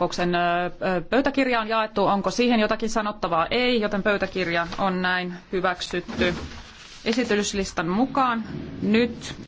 kokouksen pöytäkirja on jaettu. Onko siihen jotakin sanottavaa? Ei, joten pöytäkirja on näin hyväksytty esityslistan mukaan. Nyt